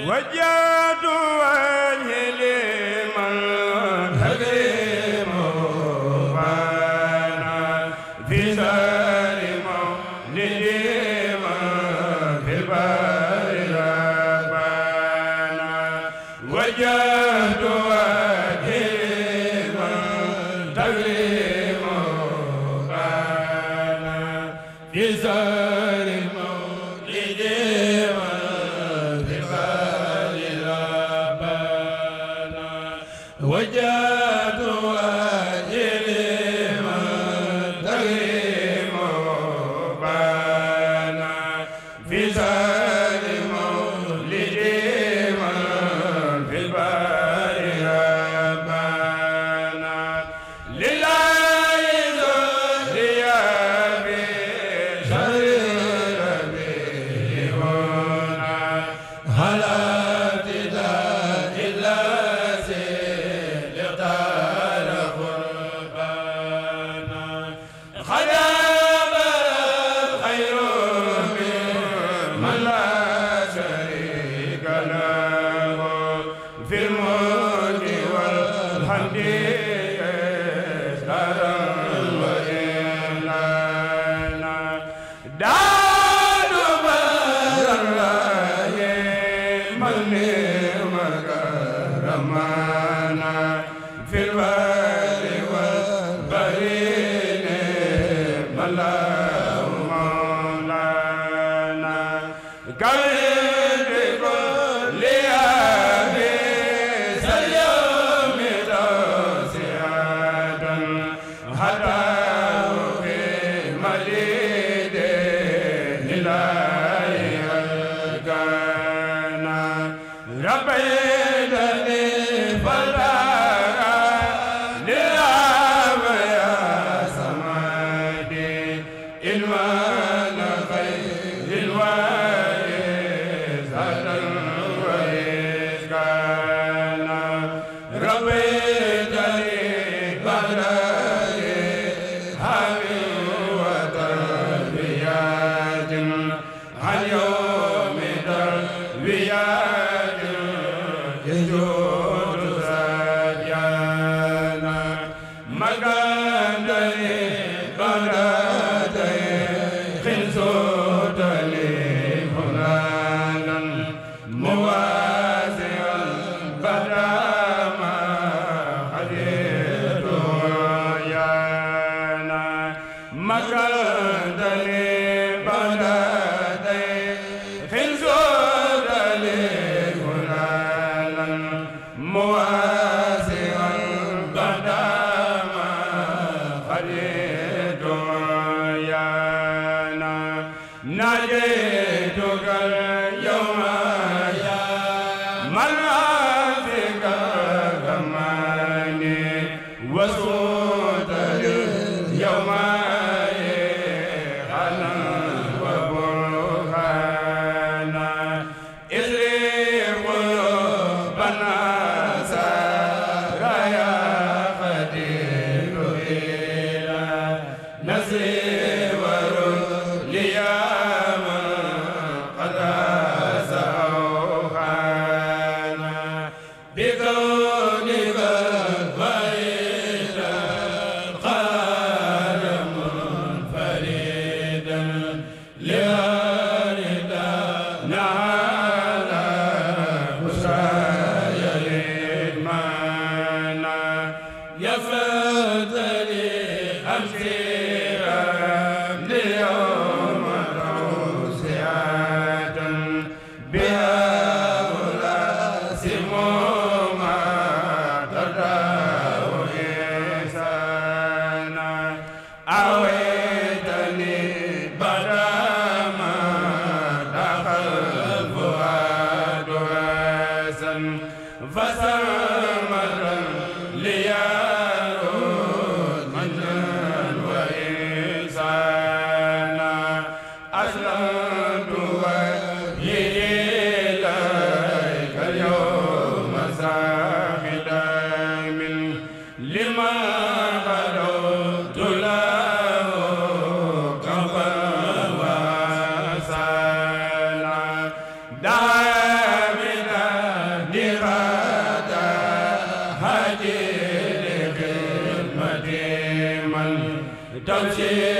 wajjatu gal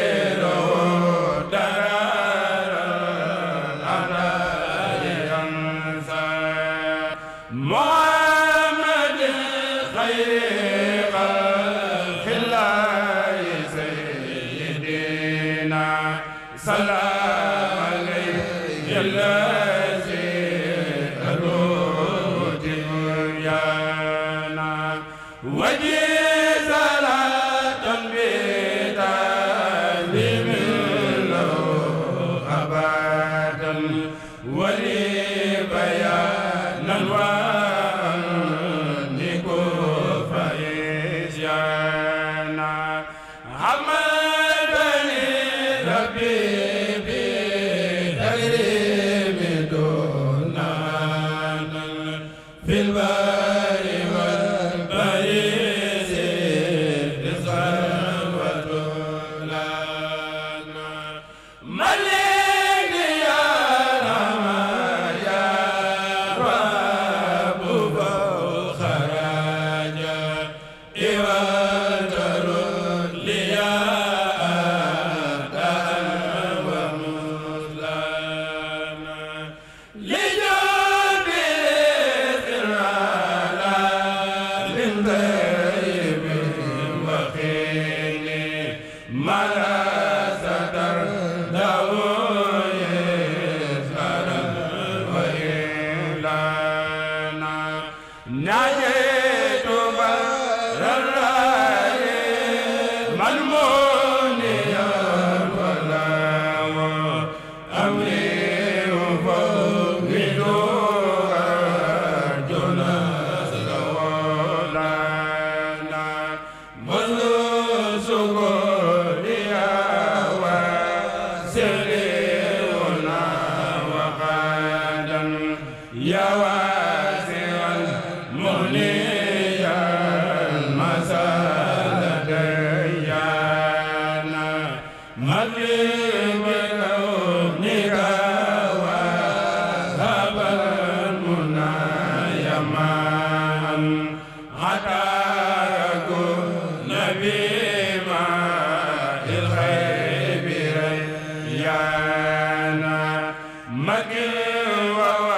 xayra bilba al wa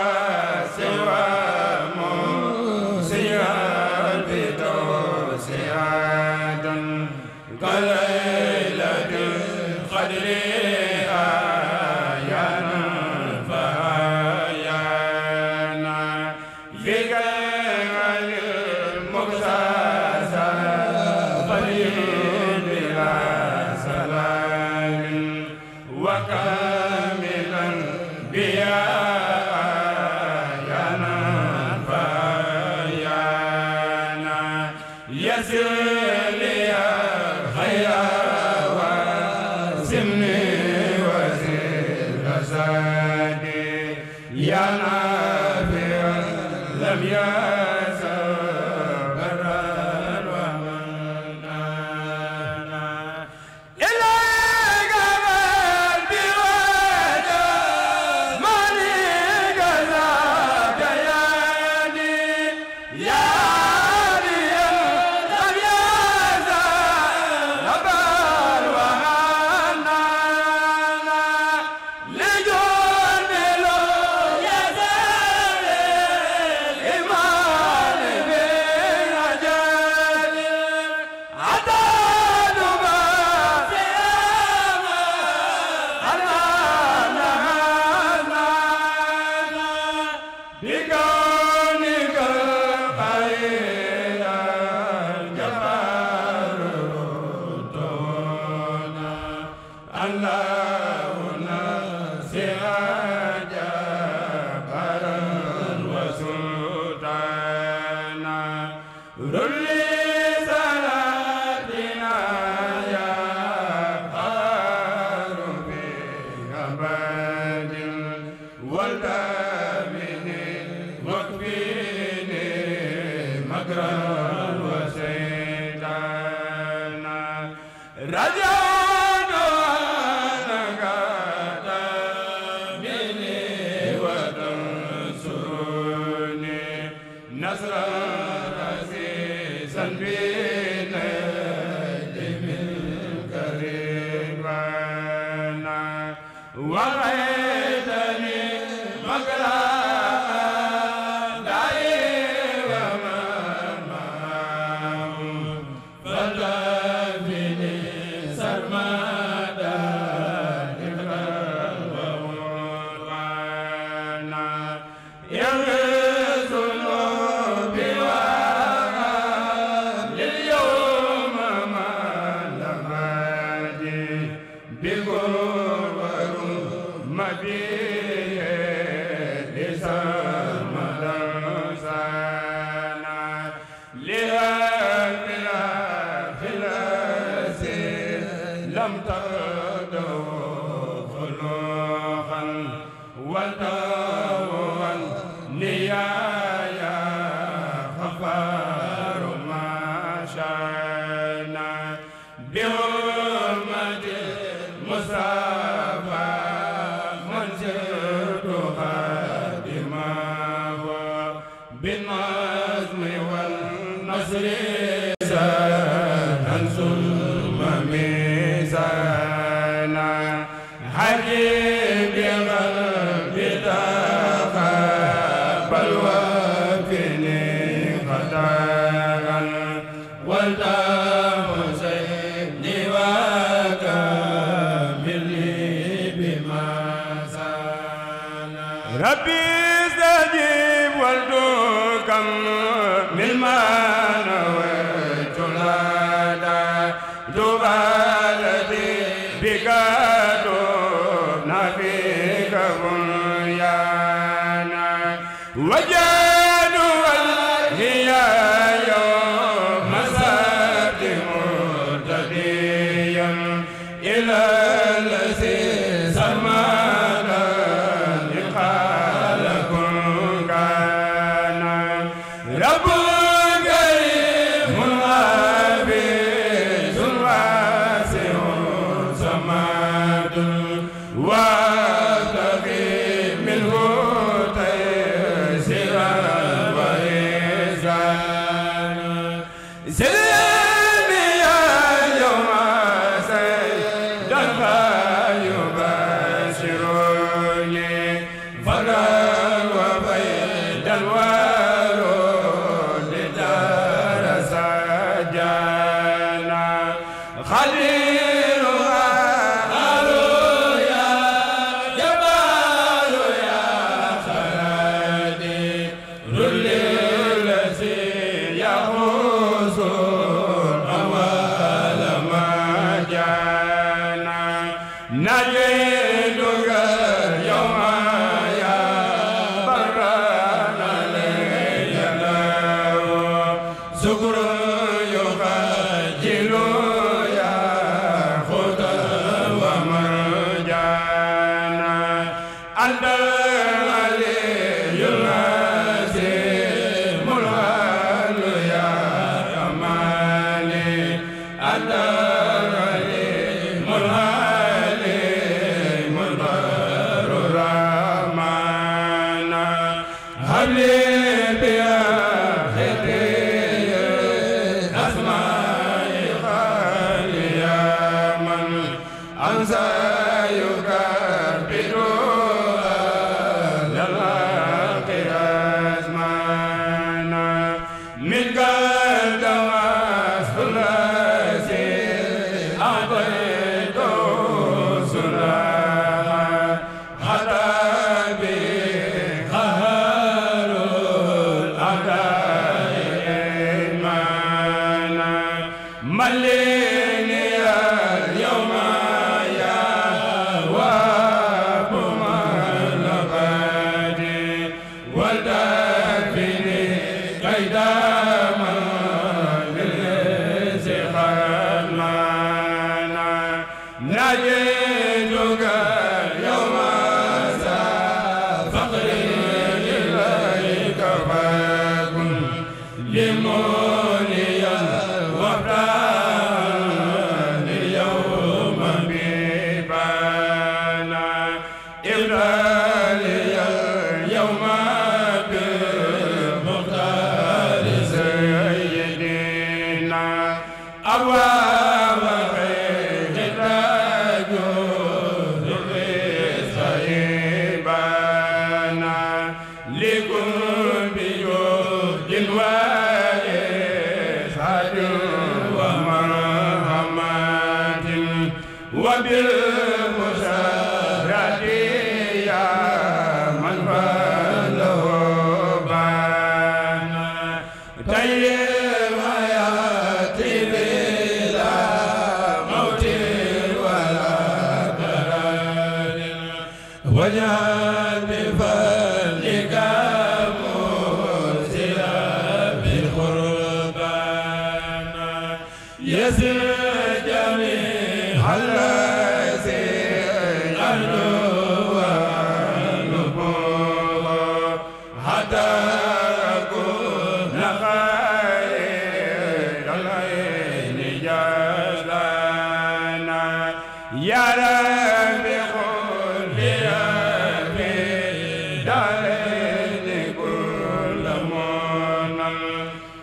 sa Oye xali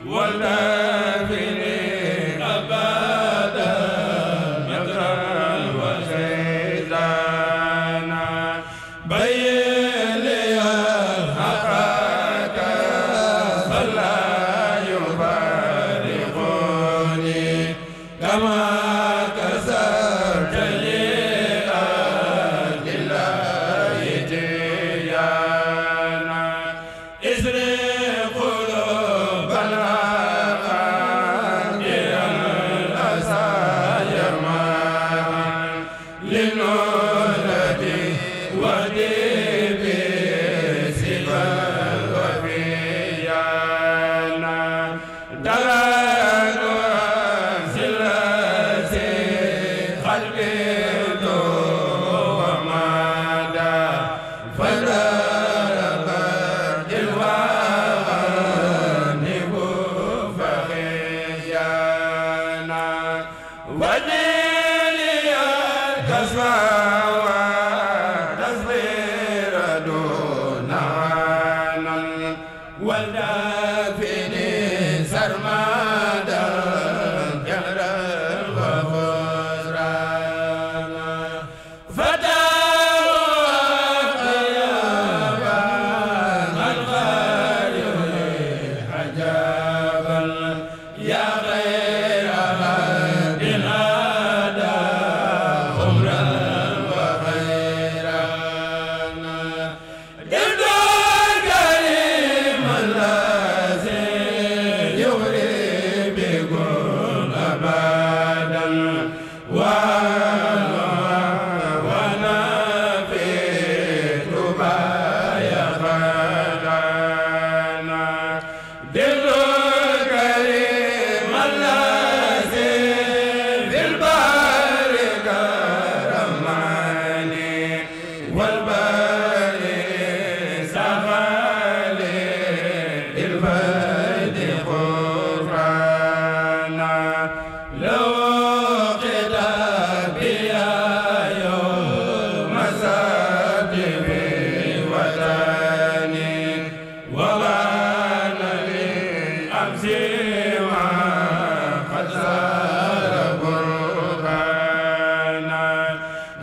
ولا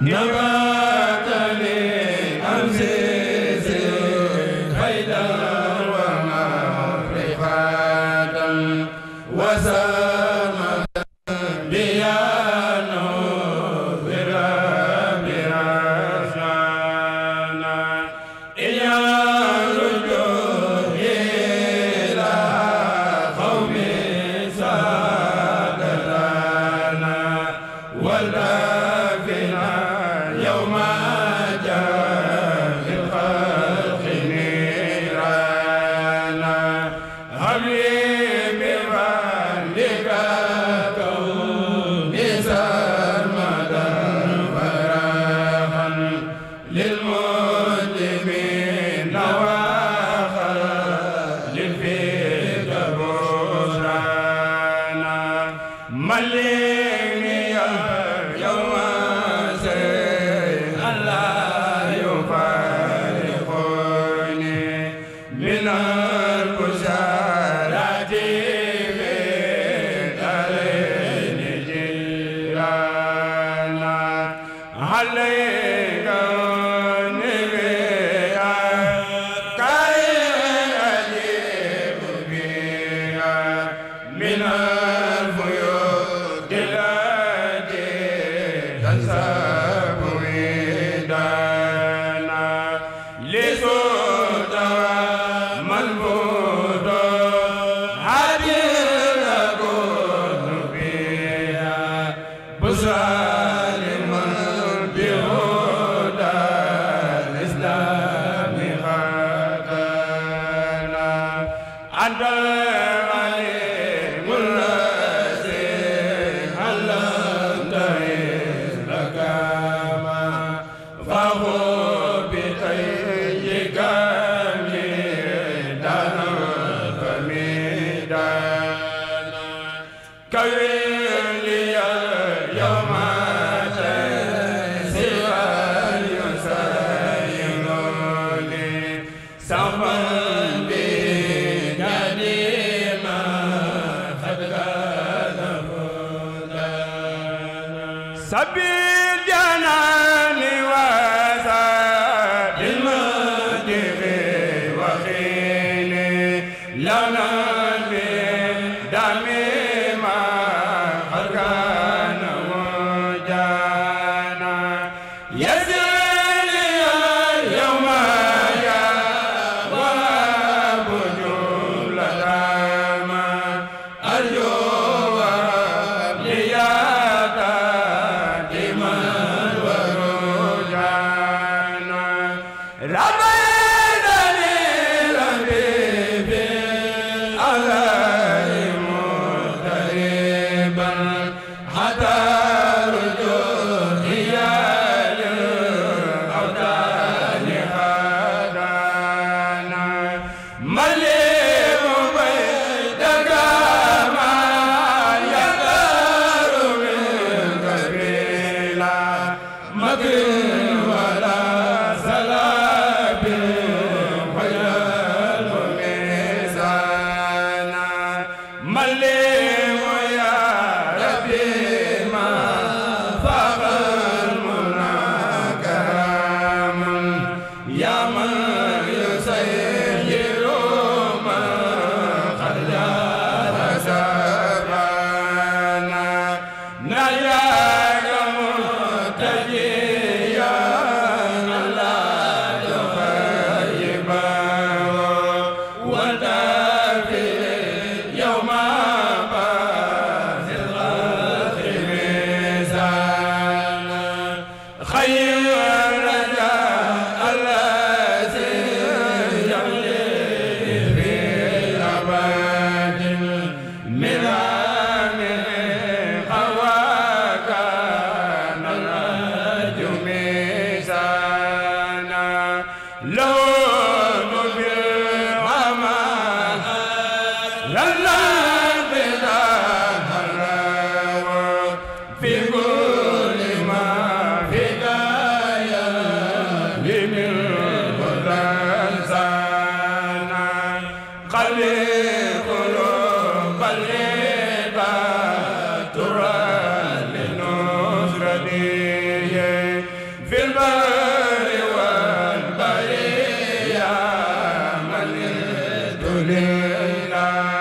Never Musa la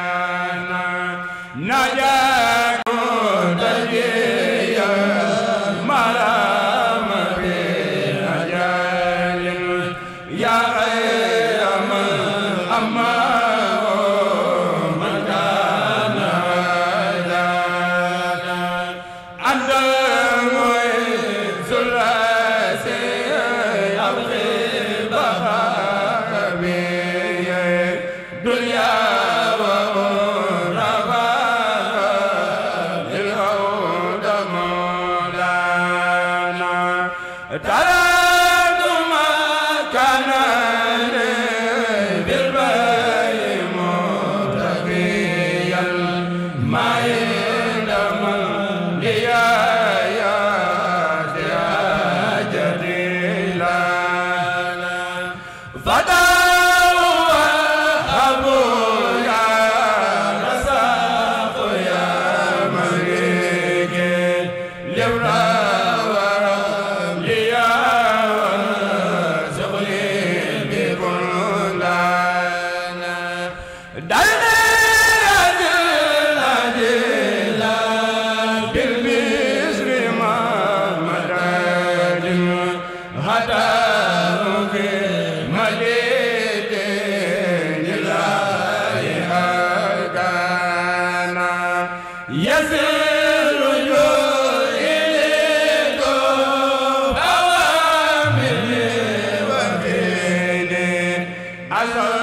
Allah